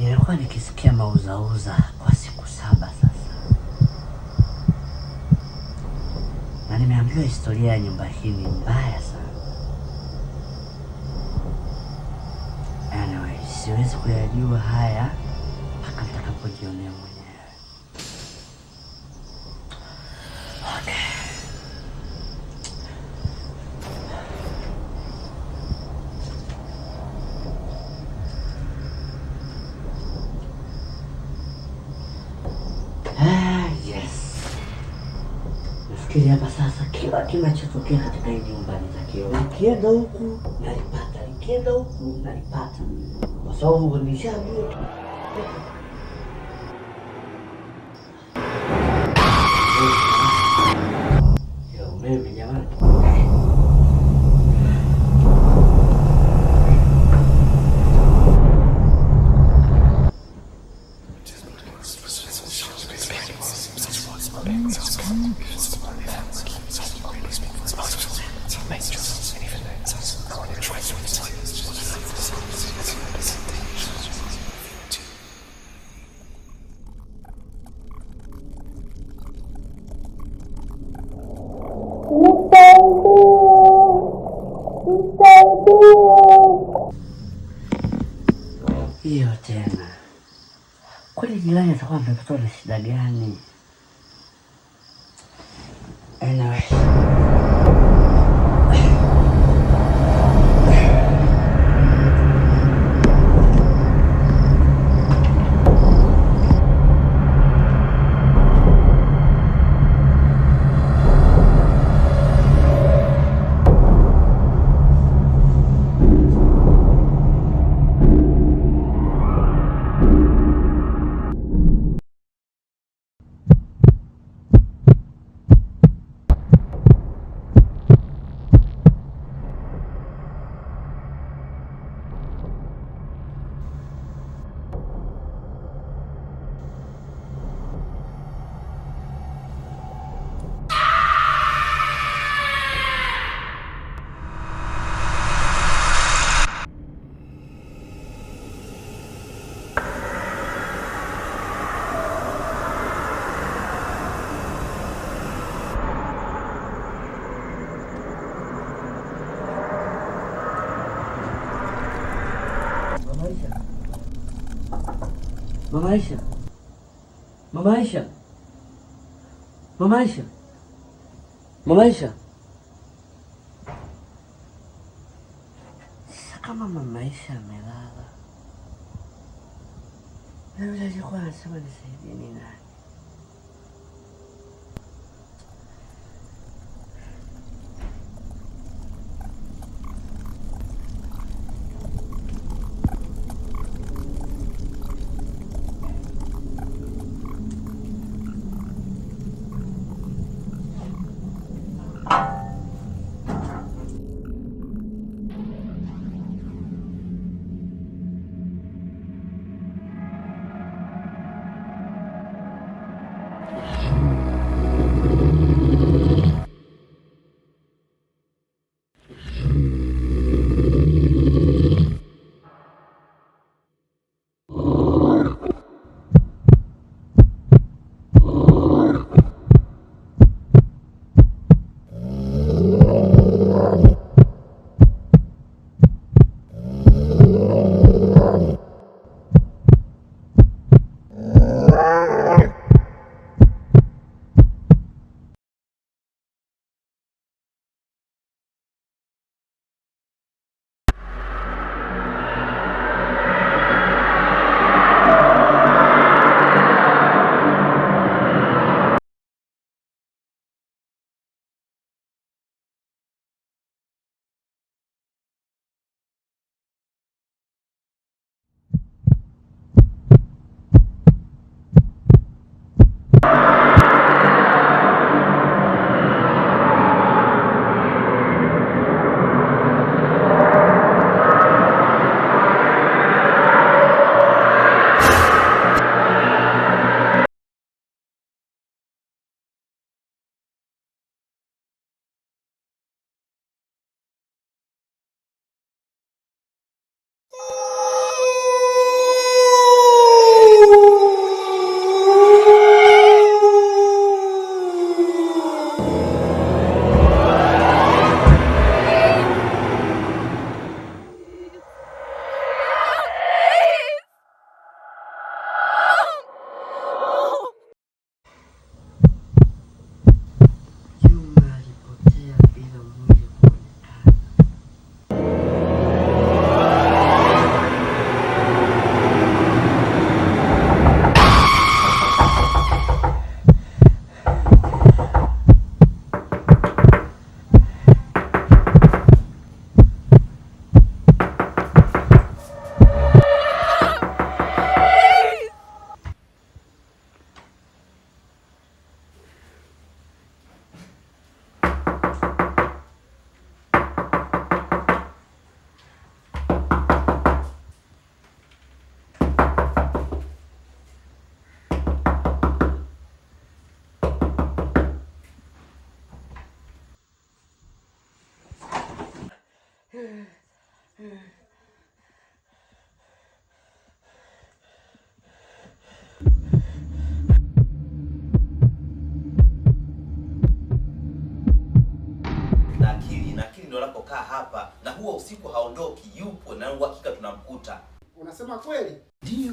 nilikuwa nikisikia mauzauza kwa siku saba sasa, na nimeambiwa historia ya nyumba hii ni mbaya sana. Anyway, siwezi kuyajua haya mpaka nitakapojionea mwenyewe. Nafikiria hapa sasa, kila kinachotokea katika nyumba nyumbani za kioo, nikienda huku nalipata, nikienda huku nalipata, kwa sababu nishajua ya umeme jamani. hiyo tena. Kweli jirani atakuwa amepatwa na shida gani? Anyway. mamãe mamãe Mamaixa. Mamaixa. Mamaixa. Mamaixa. mamãe mamaixa me daba. La verdad yo jugaba solo de Anapokaa hapa na huwa usiku haondoki, yupo na uhakika tunamkuta. Unasema kweli? Ndio.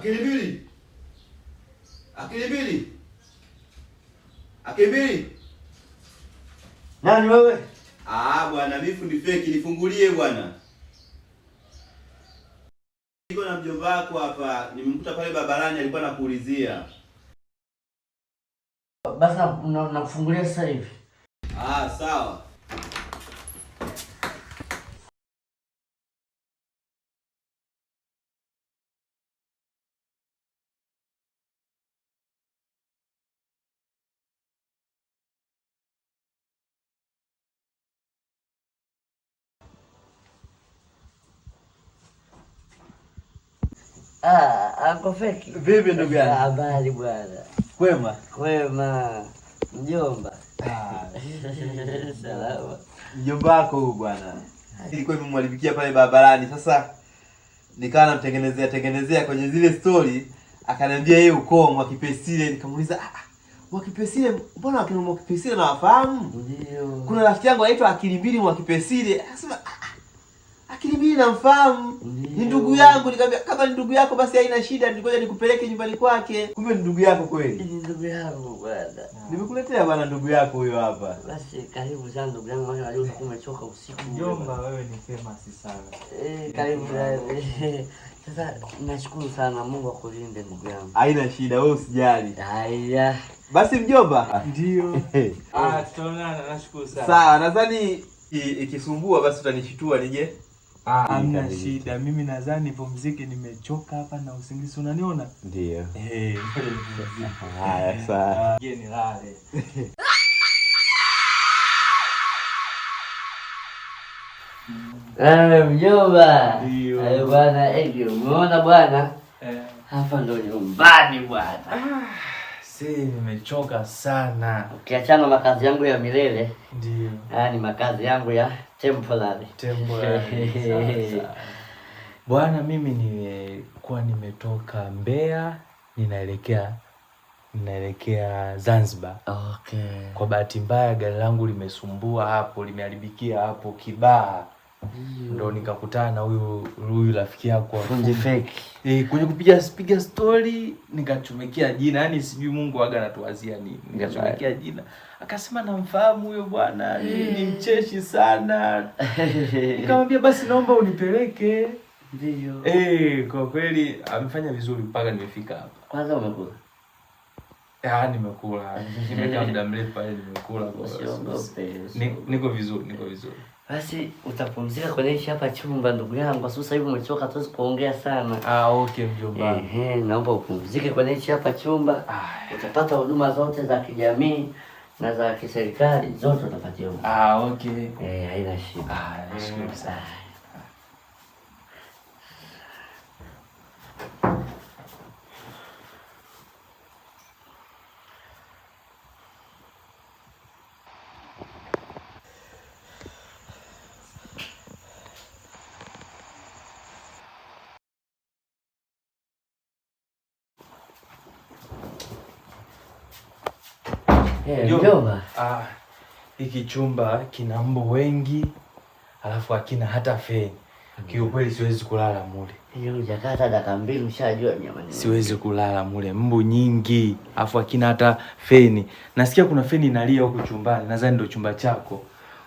Akili mbili, akili mbili, akili mbili. Nani wewe? Ah bwana, mimi fundi feki, nifungulie bwana. Niko na mjomba wako hapa, nimemkuta pale barabarani, alikuwa anakuulizia. Basi nakufungulia sasa hivi. Ah, sawa. Ah, Anko Feki. Vipi ndugu yangu? Habari bwana. Kwema? Kwema. Mjomba. Ah. Salama. Mjomba wako huyu bwana. Ilikuwa imemwalibikia pale barabarani. Sasa nikawa namtengenezea tengenezea kwenye zile story, akaniambia yeye uko ukoo Mwakipesile, nikamuuliza ah, Mwakipesile ah, mbona wakina Mwakipesile nawafahamu? Ndio. Kuna rafiki yangu anaitwa Akili Mbili Kipesile. Akasema ah, lakini mimi namfahamu. Ni ndugu yangu nikamwambia kama ni ndugu yako basi haina shida nilikuja nikupeleke nyumbani kwake. Kumbe ni ndugu yako kweli. Ni ndugu yangu bwana. Ah. Nimekuletea bwana ndugu yako huyo hapa. Basi karibu sana ndugu yangu maana leo umechoka usiku. Njomba wewe ni famous sana. Eh, karibu sana. Sasa nashukuru sana Mungu akulinde ndugu yangu. Haina shida wewe usijali. Haya. Basi mjomba. Ndio. Ah, tutaonana nashukuru sana. Sawa, nadhani ikisumbua basi utanishitua nije Ah, hamna shida, mimi nadhani pumzike, nimechoka hapa na usingizi unaniona? Ndio. Eh, Eh, ah, mjomba. Ndio. Bwana, eh, bwana? Eh. Hapa ndo nyumbani bwana. Ah, nimechoka sana. Ukiachana makazi yangu ya milele. ni makazi yangu ya Temporary. Temporary. Bwana, mimi nilikuwa nimetoka Mbeya ninaelekea ninaelekea Zanzibar. Okay. Kwa bahati mbaya gari langu limesumbua hapo, limeharibikia hapo Kibaha ndo nikakutana na huyu huyu rafiki yako kwenye fake eh, kwenye kupiga piga story, nikachomekea jina, yani sijui Mungu aga anatuwazia nini, nikachomekea jina, akasema namfahamu huyo bwana mm. ni mcheshi sana nikamwambia basi naomba unipeleke. Ndio eh, kwa kweli amefanya vizuri mpaka nimefika hapa. Kwanza umekula? Ah, nimekula nimekaa muda mrefu pale, yaani nimekula niko vizuri, niko vizuri basi utapumzika kwenye ishi hapa chumba, ndugu yangu. Sasa hivi umechoka, hatuwezi kuongea sana. Ah, okay mjomba. Ehe, naomba upumzike kwenye ishi hapa chumba. Ah, utapata huduma zote za kijamii na za kiserikali zote utapatia. Ah, okay. Eh, haina shida. Ah, nashukuru sana. Eh, mjomba, ah, hiki chumba kina mbu wengi, alafu hakina hata feni. Mm. Kiukweli siwezi kulala mule. Mjakaa dakika mbili mshajua jamani. Siwezi kulala mule, mbu nyingi, alafu hakina hata feni. Nasikia kuna feni inalia huku chumbani, nadhani ndio chumba chako.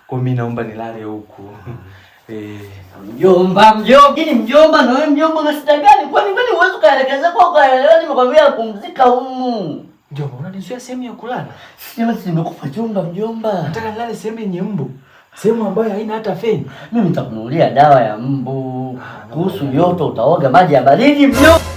Kwa mimi naomba nilale huku. Ah. Eh. mjomba, mjomba, gini mjomba na wewe mjomba, masita gani? Kwani kwani uweze kuelekeza kwa ukaelewa, nimekwambia pumzika humu. Mjomba, unanizuia sehemu ya kulala? Sema si nimekupa chumba mjomba. Nataka nilale sehemu yenye mbu. Sehemu ambayo haina hata feni. Mimi nitakununulia dawa ya mbu. Ah, Kuhusu yoto utaoga maji ya baridi mjomba.